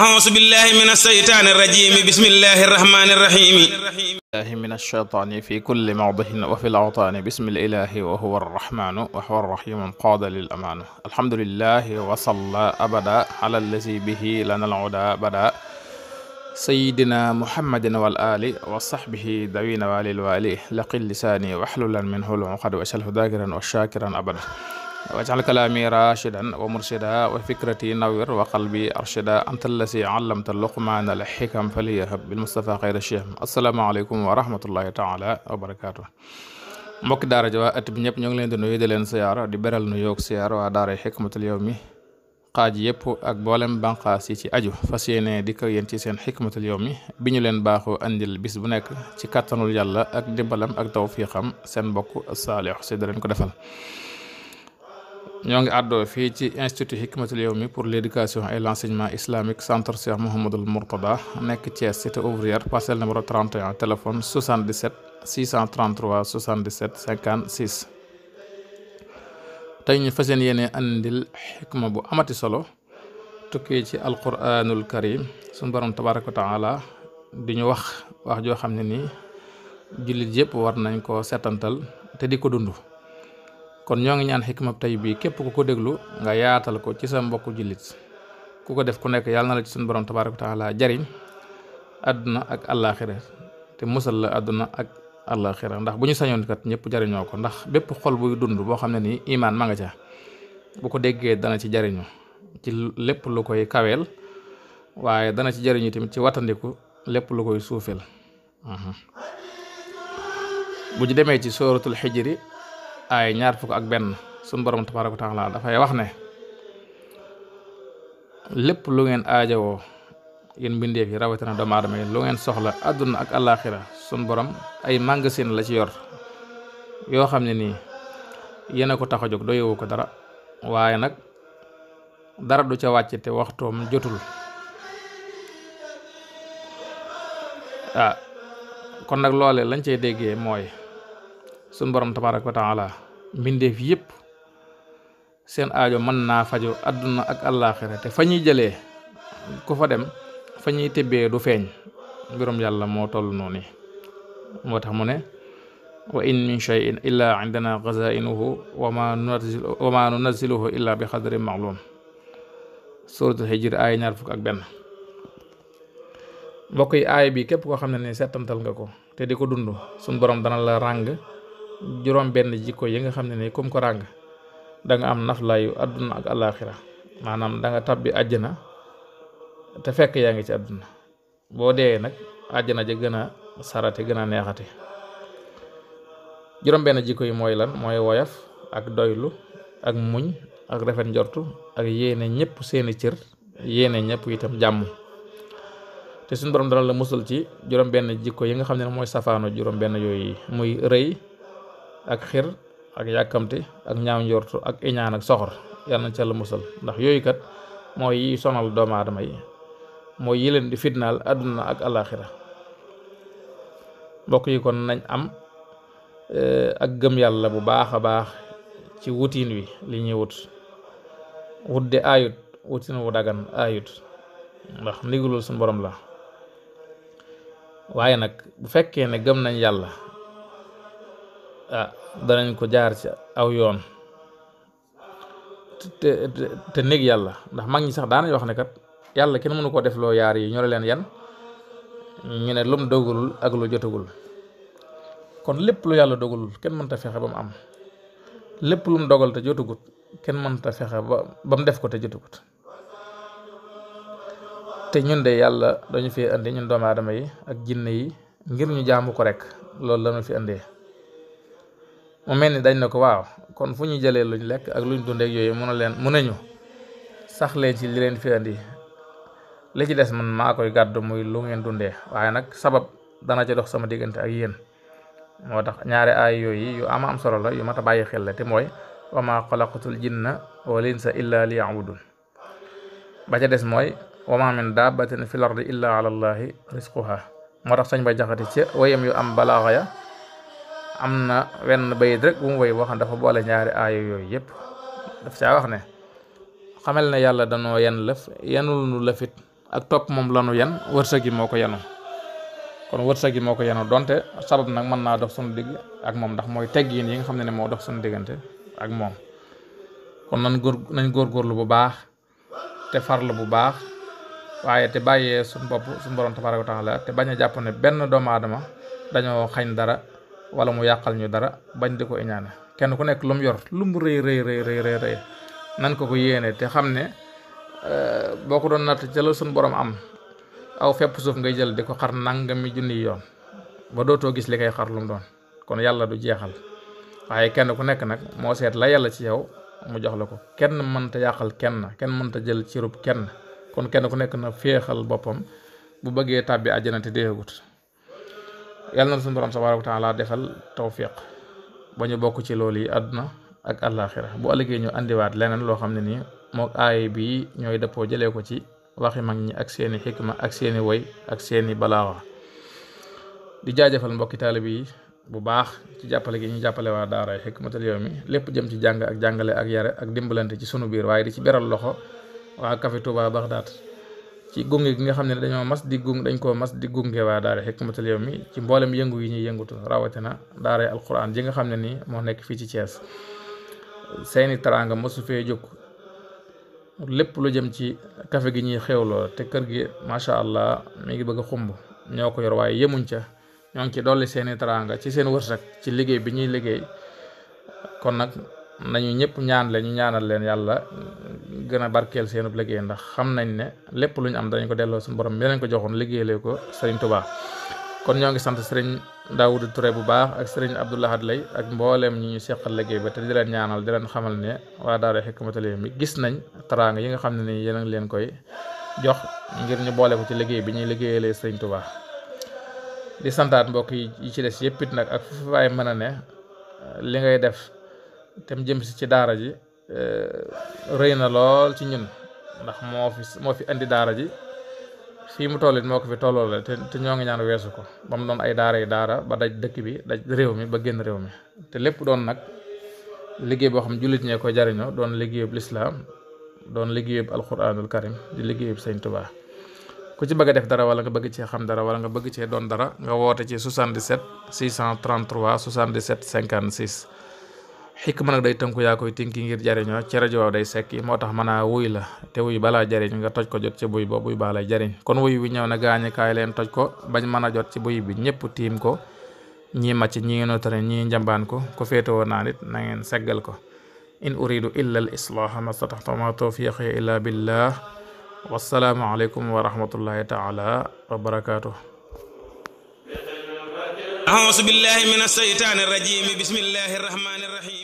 أعوذ بالله من الشيطان الرجيم بسم الله الرحمن الرحيم الله من الشيطان في كل موضع وفي الأوطان بسم الإله وهو الرحمن وهو الرحيم قاد للأمان الحمد لله وصلى أبدا على الذي به لنا العدا بدا سيدنا محمد والآل وصحبه دوين والي الوالي لقل لساني واحللا منه العقد واشله ذاكرا وشاكرا أبدا wajal kalaami rashidan wa murshida wa fikrati nawir wa qalbi arshida anta allasi allamta luqmaana al xikam faliyahab bil mustafa xayra shiham asalaamaaleykum wa rahmatullahi taala wa barakaatu mbokki daara ji waa bi ñëpp ñoo ngi leen di nuyu leen siyaara di beral nu yoog siyaara waa daara xikmatul yawmi xaaj yëpp ak boolem banqaas yi ci aju fas yéene di ko yéen ci seen xikmatul yawmi bi ñu leen baaxoo andil bis bu nekk ci kàttanul yàlla ak dimbalam ak tawfiqam seen mbokk saalix si da leen ko defal ñoo ngi àddoo fii ci institut Hikmatul mi pour l'éducation et l'enseignement islamique centre Cheikh Mouhamadul Mourtada nekk Thiès cité ouvrière parcelle numéro 31 téléphone 77 633 77 56. tey ñu fas yéene andil xikma bu amati solo tukki ci alquranul karim sunu borom tabaaraka wa taala di ñu wax wax joo xam ne nii jullit yëpp war nañ koo setantal te di ko dund. kon ñoo ngi ñaan xikma tey bii képp ku ko déglu nga yaatal ko ci sa mbokku jullit ku ko def ku nekk yàlla na la ci suñu borom tabaaraka wa taala jariñ àdduna ak àllaaxira te musal la àdduna ak àllaaxira ndax bu ñu sañoon kat ñëpp jariñoo ko ndax bépp xol buy dund boo xam ne nii imaan ma nga ca bu ko déggee dana ci jariñu ci lépp lu koy kaweel waaye dana ci jariñu tamit ci wattandiku lépp lu koy suufeel bu ñu demee ci sooratul xijri ay ñaar fukk ak benn suñ borom tabaaraka wa taala dafay wax ne lépp lu ngeen aajawoo yéen mbindeef yi rawatina doomu aadama yi lu ngeen soxla àdduna ak àllaaxira suñ borom ay magasin la ci yor yoo xam ne nii yéen ko tax a jóg doyewu ko dara waaye nag dara du ca wàcc te waxtoom jotul ah, kon nag loole lañ cey déggee mooy suñu borom tabaaraka wa taala mbindeef yépp seen aajo mën naa fajo àdduna ak àllaaxira te fa ñuy jëlee ku fa dem fa ñuy tëbbee du feeñ mbirum yàlla moo toll noonu moo tax mu ne wa in min cheyin illa indana xazainuhu wama wama nunaziluhu illa bi xadri maalum suratul hijr aay ñaar fukk ak benn mbokk yi aay bi képp koo xam ne ni seetantal nga ko te di ko dund suñ borom dana la ràng juróom benn jikko yi nga xam ne ni kum ko ràng da am naflaayu àdduna ak alaaxira maanaam danga nga tabbi àjjana te fekk yaa ngi ci àdduna boo dee nag àjjana ja gën a sarate gën a neexate juróom benn jikko yi mooy lan mooy woyaf ak doylu ak muñ ak rafet njortu ak yéene ñëpp seeni cër yéene ñëpp itam jàmm te suñu borom dana la musal ci juróom benn jikko yi nga xam ne mooy safaano juróom benn yooyu muy rëy ak xir ak yàkkamti ak ñaaw njortu ak iñaan ak soxor yàlla nañ la musal ndax yooyu kat mooy yi sonal doomu aadama yi mooy yi leen di fitnaal àdduna ak alaaxira mbokk yi kon nañ am eh, ak gëm yàlla bu baax a baax ci wutiin wi li ñuy wut wut de ayut wutin wu dagan ayut ndax ndigalul suñu borom la waaye nag bu fekkee ne gëm nañ yàlla ah danañ ko jaar ci aw yoon te te néeg yàlla ndax mag ñi sax daanañ wax ne kat yàlla kenn mënu koo def loo yaar yi ñoo leen yan ñu ne lum dogalul ak lu jotagul kon lépp lu yàlla dogalul kenn mënta fexe ba mu am lépp lum dogal te jotagut kenn mënta fexe ba ba mu def ko te jotagut te ñun de yàlla dañu fi indi ñun doomu aadama yi ak jinne yi ngir ñu jaamu ko rek loolu lañu fi indee mu mel ni dañ na ko waaw kon fu ñu jëlee luñ lekk ak luñ dundeek yooyu mun a leen mun nañu sax leen ci li leen fi andi li ci des man maa koy gàddu muy ngeen dundee waaye nag sabab dana ca sama diggante ak yéen moo tax ñaari aay am solo la yu mat bàyyi xel la mooy wa ma xalaqatul jinna sa insa illa li yabudun ba ca des mooy wa ma min daabatin fil ardi illa ala allahi risquha moo tax sañ ba jaxati ci wayam yu am balaaxa am na wenn bayit rek bu mu woy boo dafa boole ñaari aayo yooyu yëpp daf caa wax ne xamal ne yàlla danoo yan lëf yanul nu lëfit ak topp moom lanu yan wërsëg yi moo ko yanu kon wërsëg yi moo ko yanu donte sabab nag mën naa dox sunu digg ak moom ndax mooy teggin yi nga xam ne ne moo dox sunu diggante ak moom kon nan góor nañ góorgóorlu bu baax te farlu bu baax waaye te bàyyee suñ bopp suñ borom tabaaraka wa taala te bañ a jàpp ne benn doomu aadama dañoo xañ wala mu yàqal ñu dara bañ di ko iñaane kenn ku nekk lu mu yor lu mu rëy rëy rëy rëy rëy nan ko ko yéene te xam ne euh, boo ko doon natt jëlal suñu borom am aw fepp suuf ngay jël di ko xar nangami junniy yoon ba dootoo gis li ngay xar lum doon kon yàlla du jeexal waaye kenn ku nekk nag moo seet la yàlla ci yow mu jox la ko kenn mënta yàqal kenn kenn mënta jël cirub kenn kon kenn ku nekk na féexal boppam bu bëggee tàbbi àjjana te deegut yàlla na suñu borom tabaaraka wa taala defal tawfiq ba ñu bokk ci lool yi àdduna ak àllaaxira boo ëllëgee ñu indiwaat leneen loo xam ne nii mook aay bi ñooy deppoo jëlee ko ci waxi mag ñi ak seeni xikma ak seeni woy ak seeni balaawa di jaajëfal mbokki taalib yi bu baax ci jàppale gi ñu jàppale waa daaray Hikmatul Yawmi lépp jëm ci jàng ak jàngale ak yare ak dimbalante ci sunu biir waaye di ci beral loxo waa Café Touba Bagdad ci gunge gi nga xam ne dañoo mas di gung dañ koo mas di gunge waa daara Hikmatul Yawmi ci mboolem yëngu yi ñuy yëngutu rawatina daara alquran ji nga xam ne ni moo nekk fii ci Thiès seeni teraanga mosu fee lépp lu jëm ci kafe gi ñuy xewloo te kër gi macha allah mi ngi bëgg xumb ñoo ko yor waaye yemuñ ca ñoo ngi ci dolli seeni teraanga ci seen wërsëg ci liggéey bi ñuy liggéey kon nag nañu ñëpp ñaan leen ñu ñaanal leen yàlla euh, gën a barkeel seenub liggéey ndax xam nañ ne lépp lu ñu am dañ ko delloo suñu borom mi leen ko joxoon liggéeyale ko sëriñ Touba kon ñoo ngi sant sëriñ Daouda Touré bu baax ak sëriñ Abdou Lahad Lay ak mbooleem ñi ñu seqal liggéey ba te di leen ñaanal di leen xamal ne waa daara Hikmatul Yawmi gis nañ taraanga yi nga xam ne ni yéen ngi leen koy jox ngir ñu boole ko ci liggéey bi ñuy liggéeyalee sëriñ Touba di santaat mbokk yi ci des yëpp it nag ak fu a ne li ngay def te mu jëm si ci daara ji eh, rëy na lool ci ñun ndax moo fi moo fi indi daara ji fii mu toll it moo ko fi tolloole te te ñoo ngi ñaan weesu ko ba mu doon ay daara yi daara ba daj dëkk bi daj réew mi ba génn réew mi te lépp doon nag liggéey boo xam jullit ñee koy jariñoo doon liggéeyub lislaam doon liggéeyub alquranul karim di liggéeyub sëñ Tuubaa ku ci bëgg a def dara wala nga bëgg cee xam dara wala nga bëgg cee doon dara nga woote ci 77 633 77 56 xikma nag day tënku yaa koy tinki ngir jariñoo ci rajo waaw day sekki moo tax mën wuy la te wuy balaa jariñ nga toj ko jot ci buy ba buy baa lay jariñ kon wuy wi ñëw na gaañi leen toj ko bañ mën a jot ci buy bi ñëpp tiim ko ñii màcc ñii notare ñii njambaan ko ko féetewoo naa nit na ngeen seggal ko in uridu illa al islaaha mastataxta ma tawfiqi illa billah wassalaamu aleykum wa rahmatullahi taala wa barakatuh أعوذ بالله من الشيطان